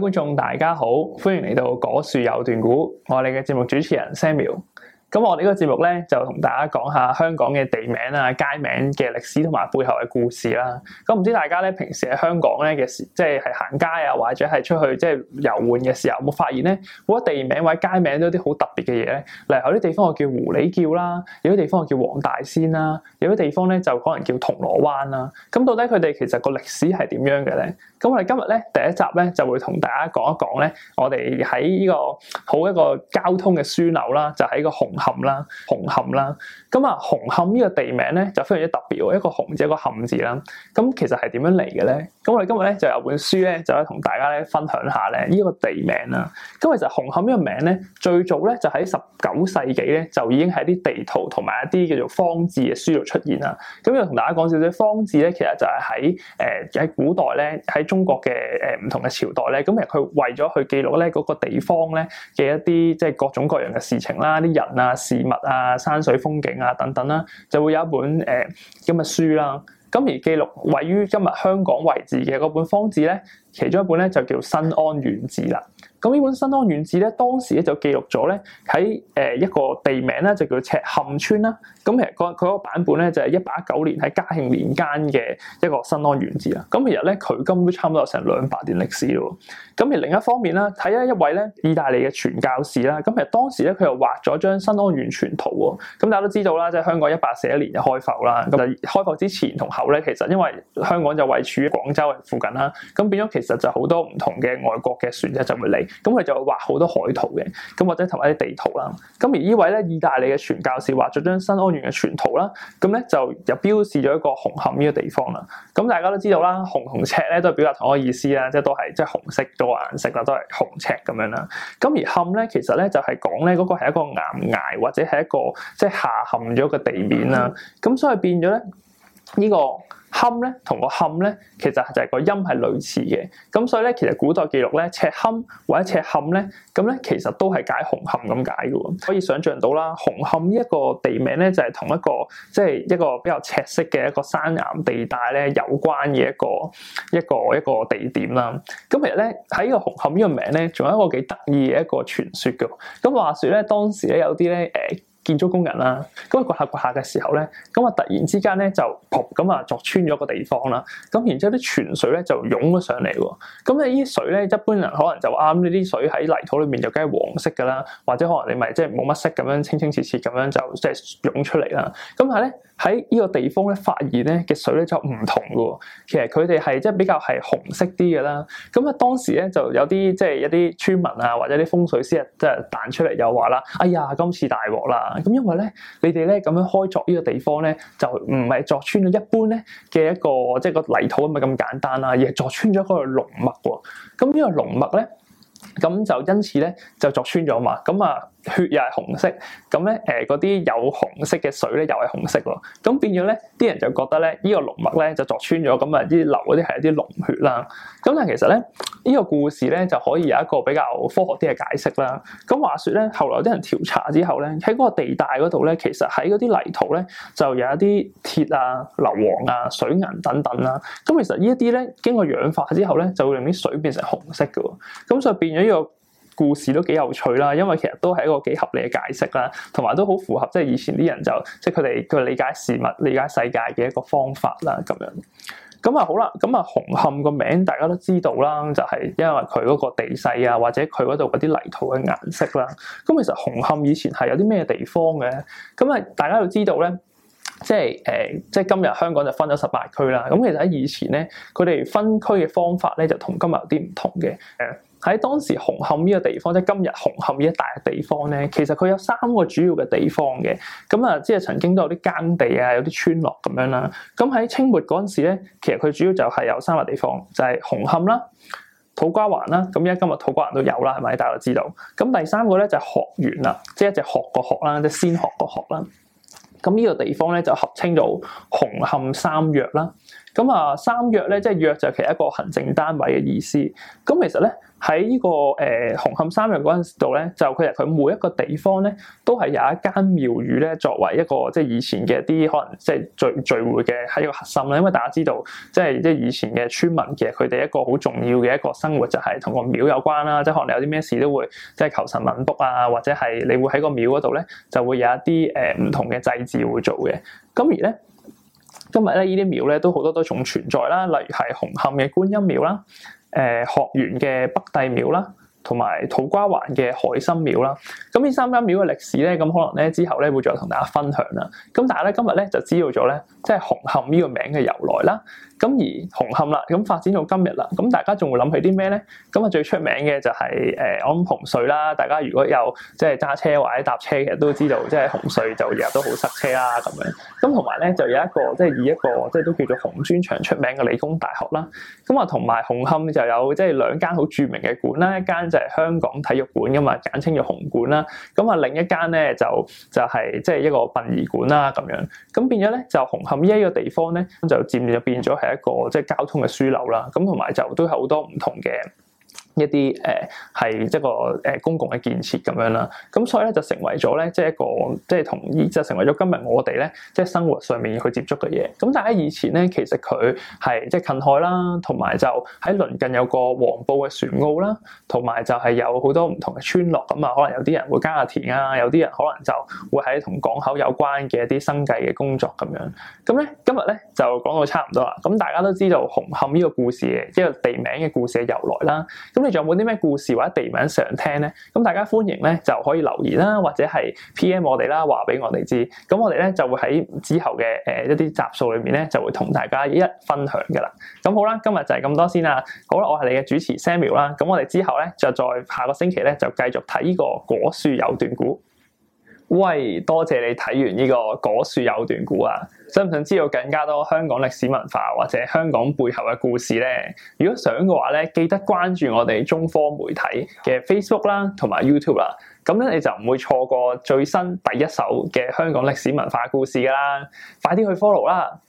各位觀眾大家好，歡迎嚟到箇處有段故，我哋嘅節目主持人 Samuel。咁我哋呢個節目咧就同大家講下香港嘅地名啊、街名嘅歷史同埋背後嘅故事啦。咁唔知大家咧平時喺香港咧嘅時，即係係行街啊，或者係出去即係遊玩嘅時候，有冇發現咧好多地名或者街名都有啲好特別嘅嘢咧？例如有啲地方我叫狐狸叫啦，有啲地方我叫黃大仙啦，有啲地方咧就可能叫銅鑼灣啦。咁到底佢哋其實個歷史係點樣嘅咧？咁我哋今日咧第一集咧就會同大家講一講咧，我哋喺呢個好一個交通嘅樞紐啦，就喺個紅冚啦，紅磡啦，咁啊紅磡呢個地名咧就非常之特別喎，一個紅字，一個磡字啦。咁其實係點樣嚟嘅咧？咁我哋今日咧就有本書咧，就可以同大家咧分享下咧呢個地名啦。咁其實紅磡呢個名咧，最早咧就喺十九世紀咧，就已經喺啲地圖同埋一啲叫做方志嘅書度出現啦。咁又同大家講少少方志咧，其實就係喺誒喺古代咧喺中國嘅誒唔同嘅朝代咧，咁其實佢為咗去記錄咧嗰個地方咧嘅一啲即係各種各樣嘅事情啦，啲人啊～啊，事物啊，山水風景啊等等啦，就會有一本誒、呃、今日書啦。咁而記錄位於今日香港位置嘅嗰本方志咧。其中一本咧就叫《新安縣志》啦。咁呢本《新安縣志》咧，當時咧就記錄咗咧喺誒一個地名咧就叫赤坎村啦。咁其實佢嗰個版本咧就係一八一九年喺嘉慶年間嘅一個《新安縣志》啊。咁其實咧佢今都差唔多有成兩百年歷史咯。咁而另一方面啦，睇咧一位咧意大利嘅傳教士啦。咁其實當時咧佢又畫咗張《新安縣全圖》喎。咁大家都知道啦，即係香港一八四一年就開埠啦。咁開埠之前同後咧，其實因為香港就位處於廣州附近啦，咁變咗其其實就好多唔同嘅外國嘅船隻就會嚟，咁佢就會畫好多海圖嘅，咁或者同埋啲地圖啦。咁而呢位咧意大利嘅傳教士畫咗張新安源嘅全圖啦，咁咧就又標示咗一個紅磡呢個地方啦。咁大家都知道啦，紅同赤咧都係表達同一個意思啊，即係都係即係紅色嗰個顏色啦，都係紅赤咁樣啦。咁而磡咧其實咧就係講咧嗰個係一個岩崖或者係一個即係下陷咗個地面啦。咁所以變咗咧呢個。磡咧同個坎咧，其實就係個音係類似嘅。咁所以咧，其實古代記錄咧，赤磡或者赤坎咧，咁咧其實都係解紅磡咁解嘅喎。可以想像到啦，紅磡呢一個地名咧，就係同一個即係一個比較赤色嘅一個山岩地帶咧有關嘅一個一個一個地點啦。咁其實咧喺呢個紅磡呢個名咧，仲有一個幾得意嘅一個傳說嘅。咁話說咧，當時咧有啲咧誒。呃建築工人啦，咁佢掘下掘下嘅時候咧，咁啊突然之間咧就噗咁啊，鑿穿咗個地方啦，咁然之後啲泉水咧就湧咗上嚟喎。咁咧啲水咧一般人可能就啱，呢、啊、啲水喺泥土裏面就梗係黃色㗎啦，或者可能你咪即係冇乜色咁樣清清澈澈咁樣就即係湧出嚟啦。咁但係咧喺呢個地方咧發現咧嘅水咧就唔同㗎喎，其實佢哋係即係比較係紅色啲嘅啦。咁啊當時咧就有啲即係一啲村民啊或者啲風水師啊即係彈出嚟又話啦：「哎呀今次大鑊啦！」咁因為咧，你哋咧咁樣開鑿呢個地方咧，就唔係鑿穿咗一般咧嘅一個即係個泥土咪咁簡單啦，而係鑿穿咗一個龍脈喎。咁呢個龍脈咧，咁就因此咧就鑿穿咗嘛。咁啊～血又係紅色，咁咧誒嗰啲有紅色嘅水咧又係紅色喎，咁變咗咧啲人就覺得咧呢個龍脈咧就鑿穿咗，咁啊啲流嗰啲係一啲龍血啦。咁但係其實咧呢個故事咧就可以有一個比較科學啲嘅解釋啦。咁話説咧，後來有啲人調查之後咧，喺嗰個地帶嗰度咧，其實喺嗰啲泥土咧就有一啲鐵啊、硫磺啊、水銀等等啦。咁其實呢一啲咧經過氧化之後咧，就會令啲水變成紅色嘅喎。咁所以變咗呢個。故事都幾有趣啦，因為其實都係一個幾合理嘅解釋啦，同埋都好符合即係以前啲人就即係佢哋嘅理解事物、理解世界嘅一個方法啦咁樣。咁啊好啦，咁啊紅磡個名大家都知道啦，就係因為佢嗰個地勢啊，或者佢嗰度嗰啲泥土嘅顏色啦。咁其實紅磡以前係有啲咩地方嘅？咁啊大家都知道咧，即係誒、呃，即係今日香港就分咗十八區啦。咁其實喺以前咧，佢哋分區嘅方法咧就同今日有啲唔同嘅。誒。喺當時紅磡呢個地方，即係今日紅磡呢一大地方咧，其實佢有三個主要嘅地方嘅。咁啊，即係曾經都有啲耕地啊，有啲村落咁樣啦。咁喺清末嗰陣時咧，其實佢主要就係有三個地方，就係、是、紅磡啦、土瓜灣啦。咁而家今日土瓜灣都有啦，係咪？大家都知道。咁第三個咧就係鶴園啦，即係一隻鶴個鶴啦，即係仙鶴個鶴啦。咁呢個地方咧就合稱做紅磡三約啦。咁啊，三約咧，即係約就其實一個行政單位嘅意思。咁其實咧喺呢、這個誒、呃、紅磡三約嗰陣時度咧，就其實佢每一個地方咧都係有一間廟宇咧，作為一個即係以前嘅一啲可能即係聚聚會嘅一個核心啦。因為大家知道，即係即係以前嘅村民其實佢哋一個好重要嘅一個生活就係同個廟有關啦。即係可能有啲咩事都會即係求神問卜啊，或者係你會喺個廟嗰度咧就會有一啲誒唔同嘅祭祀會做嘅。咁而咧。今日咧，依啲廟咧都好多都仲存在啦，例如係紅磡嘅觀音廟啦，誒、呃、學園嘅北帝廟啦。同埋土瓜灣嘅海心廟啦，咁呢三間廟嘅歷史咧，咁可能咧之後咧會再同大家分享啦。咁但係咧今日咧就知道咗咧，即係紅磡呢個名嘅由來啦。咁而紅磡啦，咁發展到今日啦，咁大家仲會諗起啲咩咧？咁啊最出名嘅就係、是呃、我諗紅隧啦。大家如果有即係揸車或者搭車，其實都知道即係紅隧就日日都好塞車啦咁樣。咁同埋咧就有一個即係以一個即係都叫做紅磚牆出名嘅理工大學啦。咁啊同埋紅磡就有即係兩間好著名嘅館啦，一間，就係香港體育館噶嘛，簡稱叫紅館啦。咁啊，另一間咧就就係即係一個殯儀館啦咁樣。咁變咗咧，就紅磡呢一個地方咧，就漸漸就變咗係一個即係交通嘅樞紐啦。咁同埋就都有好多唔同嘅。一啲誒係一個誒、呃、公共嘅建設咁樣啦，咁所以咧就成為咗咧，即係一個即係同意就成為咗今日我哋咧，即係生活上面去接觸嘅嘢。咁大家以前咧，其實佢係即係近海啦，同埋就喺鄰近有個黃埔嘅船澳啦，同埋就係有好多唔同嘅村落咁啊，可能有啲人會耕下田啊，有啲人可能就會喺同港口有關嘅一啲生計嘅工作咁樣。咁咧今日咧就講到差唔多啦。咁大家都知道紅磡呢個故事，嘅，即係個地名嘅故事嘅由來啦。咁仲有冇啲咩故事或者地名想聽咧？咁大家歡迎咧，就可以留言啦，或者係 PM 我哋啦，話俾我哋知。咁我哋咧就會喺之後嘅誒一啲集數裏面咧就會同大家一一分享噶啦。咁好啦，今日就係咁多先啦。好啦，我係你嘅主持 Samuel 啦。咁我哋之後咧就再下個星期咧就繼續睇呢、這個箇處有段故。喂，多謝你睇完呢、這個箇處有段故啊！想唔想知道更加多香港歷史文化或者香港背後嘅故事咧？如果想嘅話咧，記得關注我哋中科媒體嘅 Facebook 啦，同埋 YouTube 啦。咁咧你就唔會錯過最新第一手嘅香港歷史文化故事噶啦。快啲去 follow 啦！